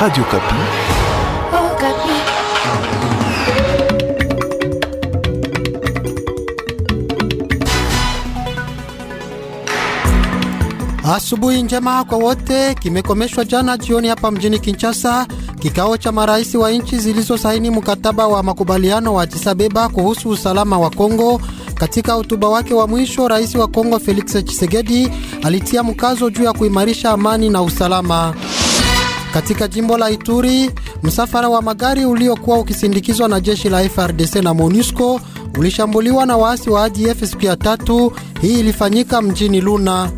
Radio Kapi. Oh, Kapi. Asubuhi njema kwa wote. Kimekomeshwa jana jioni hapa mjini Kinshasa kikao cha marais wa nchi zilizosaini mkataba wa makubaliano wa Addis Ababa kuhusu usalama wa Kongo. Katika hotuba wake wa mwisho, rais wa Kongo Felix Tshisekedi alitia mkazo juu ya kuimarisha amani na usalama. Katika jimbo la Ituri, msafara wa magari uliokuwa ukisindikizwa na jeshi la FRDC na MONUSCO ulishambuliwa na waasi wa ADF siku ya tatu. Hii ilifanyika mjini Luna.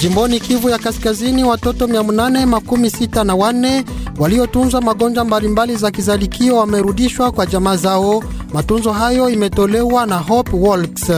Jimboni Kivu ya Kaskazini, watoto 864 waliotunzwa magonjwa mbalimbali za kizalikio wamerudishwa kwa jamaa zao. Matunzo hayo imetolewa na Hope Walks.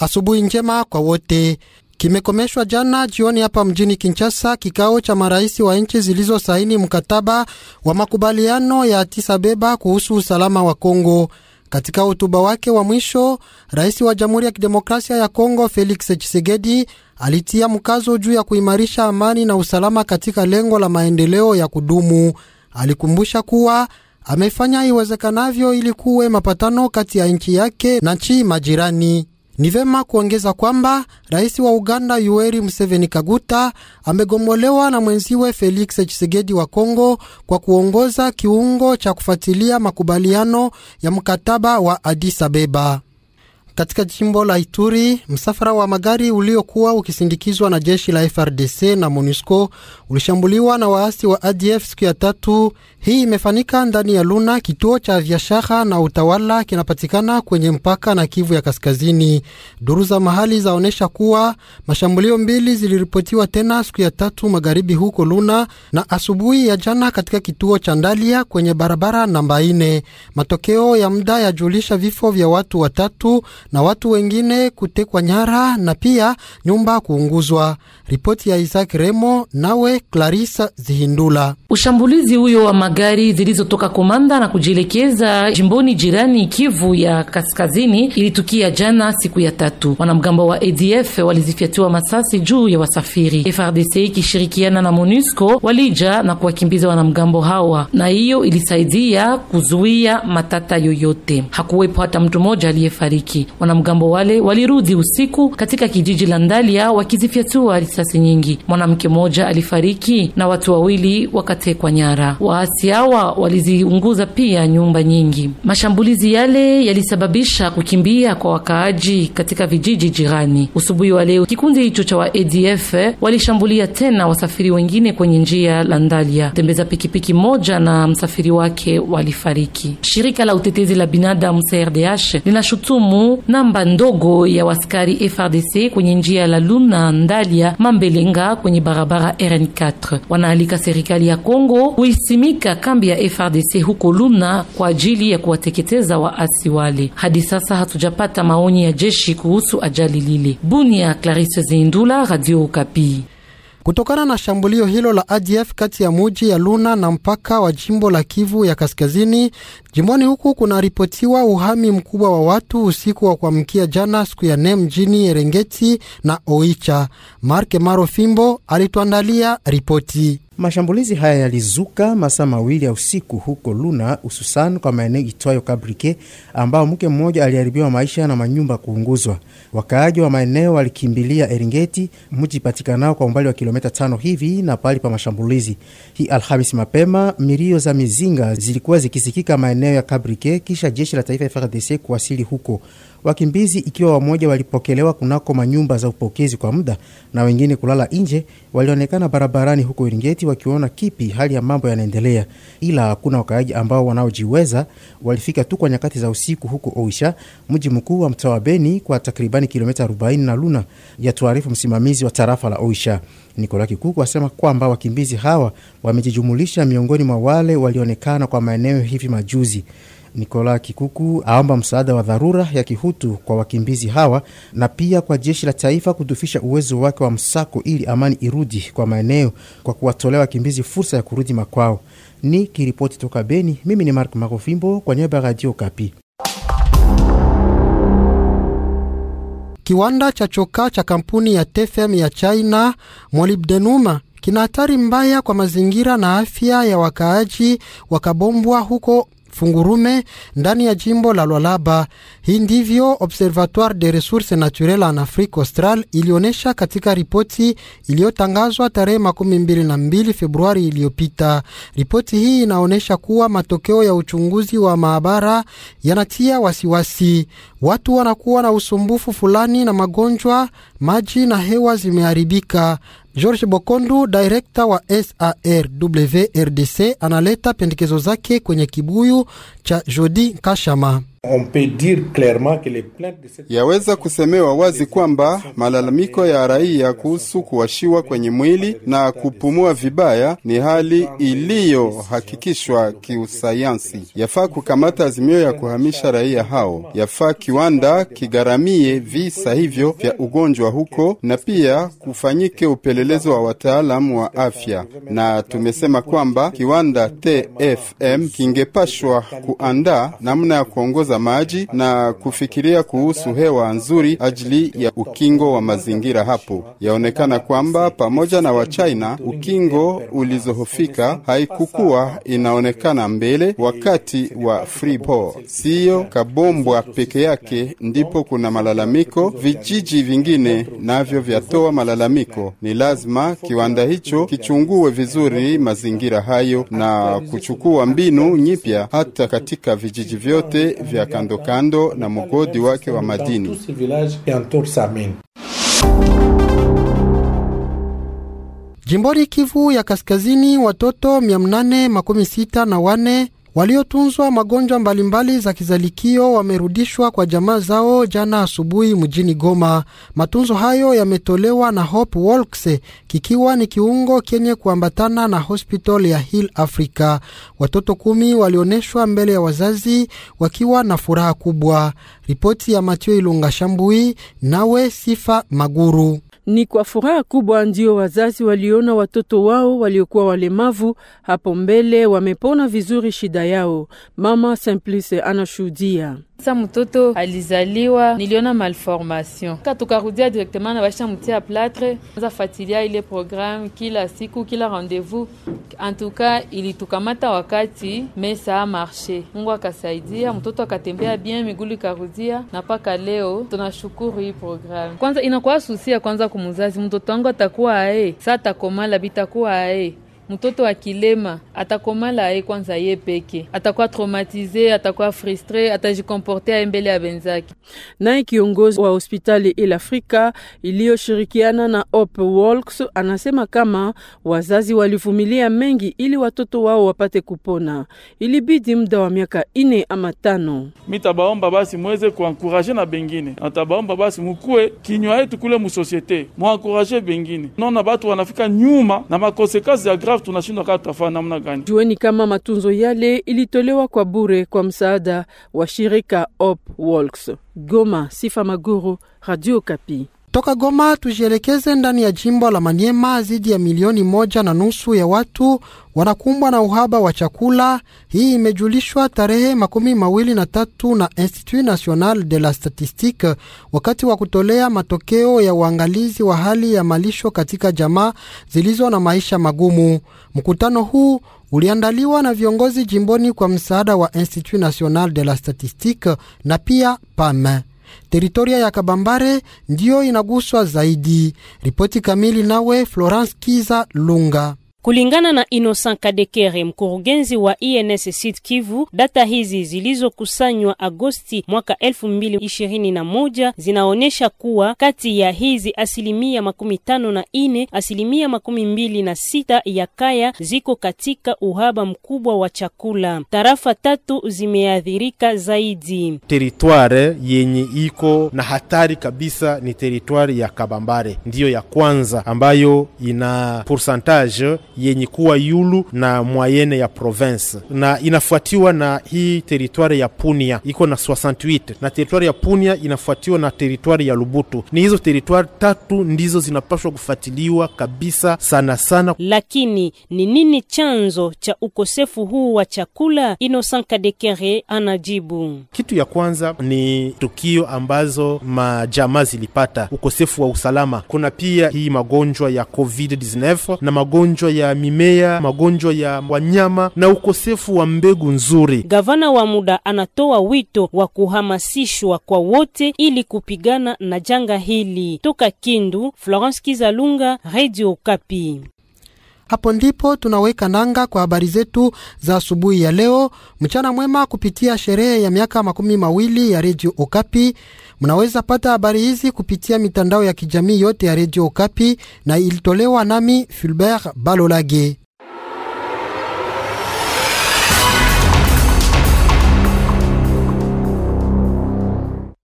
Asubuhi njema kwa wote. Kimekomeshwa jana jioni hapa mjini Kinshasa kikao cha marais wa nchi zilizosaini mkataba wa makubaliano ya Addis Ababa kuhusu usalama wa Kongo. Katika hotuba wake wa mwisho, rais wa Jamhuri ya Kidemokrasia ya Kongo Felix Tshisekedi alitia mkazo juu ya kuimarisha amani na usalama katika lengo la maendeleo ya kudumu. Alikumbusha kuwa amefanya iwezekanavyo ili kuwe mapatano kati ya nchi yake na nchi majirani. Ni vema kuongeza kwamba rais wa Uganda Yoweri Museveni Kaguta amegombolewa na mwenziwe Felix Tshisekedi wa Kongo kwa kuongoza kiungo cha kufuatilia makubaliano ya mkataba wa Addis Abeba. Katika jimbo la Ituri, msafara wa magari uliokuwa ukisindikizwa na jeshi la FRDC na MONUSCO ulishambuliwa na waasi wa ADF siku ya tatu. Hii imefanyika ndani ya Luna, kituo cha biashara na utawala kinapatikana kwenye mpaka na Kivu ya Kaskazini. Duru za mahali zaonyesha kuwa mashambulio mbili ziliripotiwa tena siku ya tatu magharibi huko Luna na asubuhi ya jana katika kituo cha Ndalia kwenye barabara namba ine. Matokeo ya muda yajulisha vifo vya watu watatu na watu wengine kutekwa nyara na pia nyumba kuunguzwa. Ripoti ya Isaac Remo nawe Clarissa Zihindula. Ushambulizi huyo wa magari zilizotoka Komanda na kujielekeza jimboni jirani Kivu ya Kaskazini ilitukia jana siku ya tatu. Wanamgambo wa ADF walizifyatiwa masasi juu ya wasafiri. FRDC ikishirikiana na MONUSCO walija na kuwakimbiza wanamgambo hawa, na hiyo ilisaidia kuzuia matata yoyote. Hakuwepo hata mtu mmoja aliyefariki. Wanamgambo wale walirudi usiku katika kijiji la Ndalia wakizifyatua risasi nyingi. Mwanamke mmoja alifariki Mashariki na watu wawili wakatekwa nyara. Waasi hawa waliziunguza pia nyumba nyingi. Mashambulizi yale yalisababisha kukimbia kwa wakaaji katika vijiji jirani. Usubuhi wa leo kikundi hicho cha wa ADF walishambulia tena wasafiri wengine kwenye njia la Ndalia. Tembeza pikipiki moja na msafiri wake walifariki. Shirika la utetezi la binadamu CRDH linashutumu namba ndogo ya waskari FRDC kwenye njia la Luna Ndalia Mambelenga kwenye barabara RNK Wanaalika serikali ya Kongo kuisimika kambi ya FRDC huko Luna kwa ajili ya kuwateketeza waasi wale. Hadi sasa hatujapata maoni ya jeshi kuhusu ajali lile. Bunia, Clarisse Zindula, Radio Okapi. Kutokana na shambulio hilo la ADF kati ya muji ya Luna na mpaka wa jimbo la Kivu ya Kaskazini, jimboni huku kunaripotiwa uhami mkubwa wa watu usiku wa kuamkia jana siku ya nne mjini Erengeti na Oicha. Marke fimbo alituandalia ripoti. Mashambulizi haya yalizuka masaa mawili ya usiku huko Luna, hususan kwa maeneo itwayo Kabrike, ambao mke mmoja aliharibiwa maisha na manyumba kuunguzwa. Wakaaji wa maeneo walikimbilia Eringeti, mji patikanao kwa umbali wa kilomita tano hivi na pahali pa mashambulizi. Hii Alhamis mapema milio za mizinga zilikuwa zikisikika maeneo ya Kabrike kisha jeshi la taifa FARDC kuwasili huko. Wakimbizi ikiwa wamoja walipokelewa kunako manyumba za upokezi kwa muda na wengine kulala nje, walionekana barabarani huko Iringeti wakiona kipi hali ya mambo yanaendelea, ila hakuna wakaaji ambao wanaojiweza walifika tu kwa nyakati za usiku huko Oisha, mji mkuu wa mtaa wa Beni, kwa takribani kilomita 40 na Luna ya tuarifu msimamizi wa tarafa la Oisha Nikola Kikuku asema kwamba wakimbizi hawa wamejijumulisha miongoni mwa wale walionekana kwa maeneo hivi majuzi. Nikola Kikuku aomba msaada wa dharura ya kihutu kwa wakimbizi hawa na pia kwa jeshi la taifa kudufisha uwezo wake wa msako ili amani irudi kwa maeneo kwa kuwatolea wakimbizi fursa ya kurudi makwao. Ni kiripoti toka Beni. Mimi ni Mark Marofimbo kwa niaba ya Radio Kapi. Kiwanda cha chokaa cha kampuni ya TFM ya China molibdenuma kina hatari mbaya kwa mazingira na afya ya wakaaji wakabombwa huko Fungurume ndani ya jimbo la lwalaba Hii ndivyo Observatoire de Ressources Naturelles en Afrique Australe ilionyesha katika ripoti iliyotangazwa tarehe mbili Februari iliyopita. Ripoti hii inaonyesha kuwa matokeo ya uchunguzi wa maabara yanatia wasiwasi. Watu wanakuwa na usumbufu fulani na magonjwa, maji na hewa zimeharibika. George Bokondu, direkta wa SARWRDC, analeta pendekezo zake kwenye kibuyu cha Jodi Kashama. Yaweza kusemewa wazi kwamba malalamiko ya raia kuhusu kuwashiwa kwenye mwili na kupumua vibaya ni hali iliyohakikishwa kiusayansi. Yafaa kukamata azimio ya kuhamisha raia hao. Yafaa kiwanda kigharamie visa hivyo vya ugonjwa huko, na pia kufanyike upelelezi wa wataalamu wa afya, na tumesema kwamba kiwanda TFM kingepashwa ku kuandaa namna ya kuongoza maji na kufikiria kuhusu hewa nzuri ajili ya ukingo wa mazingira. Hapo yaonekana kwamba pamoja na Wachina ukingo ulizohofika haikukuwa inaonekana mbele wakati wa Freeport. Siyo Kabombwa peke yake ndipo kuna malalamiko, vijiji vingine navyo vyatoa malalamiko. Ni lazima kiwanda hicho kichungue vizuri mazingira hayo na kuchukua mbinu nyipya hata katika vijiji vyote vya kandokando na mgodi wake wa madini. Jimboni Kivu ya Kaskazini, watoto mia nane makumi sita na wane Waliotunzwa magonjwa mbalimbali za kizalikio wamerudishwa kwa jamaa zao jana asubuhi mjini Goma. Matunzo hayo yametolewa na Hope Walks kikiwa ni kiungo kenye kuambatana na hospital ya Hill Africa. Watoto kumi walionyeshwa mbele ya wazazi wakiwa na furaha kubwa. Ripoti ya Mathieu Ilunga Shambui nawe Sifa Maguru. Ni kwa furaha kubwa ndio wazazi waliona watoto wao waliokuwa walemavu hapo mbele wamepona vizuri shida yao. Mama Simplice anashuhudia. Sa mtoto alizaliwa niliona malformation ka tukarudia directement na basha mtia platre anza fatilia ile programme kila siku kila rendez-vous. Antuka ilitukamata wakati mesa a marche. Mungu akasaidia mtoto akatembea bien, migulu ikarudia na paka leo tunashukuru hii programme. Kwanza inakuwa susia kwanza kum mzazi mtoto wangu atakuwa ae saa atakomala bitakuwa ae mtoto akilema kilema atakomala ye kwanza ye peke, atakuwa traumatize, atakuwa frustre, atajikomporte aye mbele ya benzake. Naye kiongozi wa hospitali Il Afrika iliyoshirikiana na Hope Walks anasema kama wazazi walivumilia mengi ili watoto wao wapate kupona, ilibidi muda wa miaka ine ama tano. Mitabaomba basi mweze kuankuraje na bengine, natabaomba basi mukue kinywa yetu kule musosiete, mwankuraje bengine, naona batu wanafika nyuma na makonsekansi ya grave sasa tunashindwa kaa tutafanya namna gani? Jueni kama matunzo yale ilitolewa kwa bure kwa msaada wa shirika op Walks. Goma, Sifa Maguru, Radio Kapi. Toka Goma tujielekeze ndani ya jimbo la Maniema. Zaidi ya milioni moja na nusu ya watu wanakumbwa na uhaba wa chakula. Hii imejulishwa tarehe makumi mawili na tatu na Institut National de la Statistique wakati wa kutolea matokeo ya uangalizi wa hali ya malisho katika jamaa zilizo na maisha magumu. Mkutano huu uliandaliwa na viongozi jimboni kwa msaada wa Institut National de la Statistique na pia PAME teritoria ya Kabambare ndiyo inaguswa zaidi. Ripoti kamili nawe Florence Kiza Lunga. Kulingana na Innocent Kadekere, mkurugenzi wa INS Sud Kivu, data hizi zilizokusanywa Agosti mwaka na moja zinaonyesha kuwa kati ya hizi asilimia makumi tano na ine, asilimia makumi mbili na sita ya kaya ziko katika uhaba mkubwa wa chakula. Tarafa tatu zimeathirika zaidi. Teritware yenye iko na hatari kabisa ni teritware ya Kabambare, ndiyo ya kwanza ambayo ina pourcentage yenye kuwa Yulu na Mwayene ya province, na inafuatiwa na hii teritwari ya Punia iko na 68 na teritwari ya Punia inafuatiwa na teritwari ya Lubutu. Ni hizo teritwari tatu ndizo zinapaswa kufuatiliwa kabisa sana sana. Lakini ni nini chanzo cha ukosefu huu wa chakula? Innocent Kadekere anajibu. Kitu ya kwanza ni tukio ambazo majamaa zilipata ukosefu wa usalama. Kuna pia hii magonjwa ya COVID-19 na magonjwa ya mimea, magonjwa ya wanyama na ukosefu wa mbegu nzuri. Gavana wa muda anatoa wito wa kuhamasishwa kwa wote ili kupigana na janga hili. Toka Kindu, Florence Kizalunga, Radio Kapi. Hapo ndipo tunaweka nanga kwa habari zetu za asubuhi ya leo. Mchana mwema kupitia sherehe ya miaka makumi mawili ya redio Okapi. Mnaweza pata habari hizi kupitia mitandao ya kijamii yote ya redio Okapi na ilitolewa nami Fulbert Balolage.